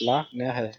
la neexee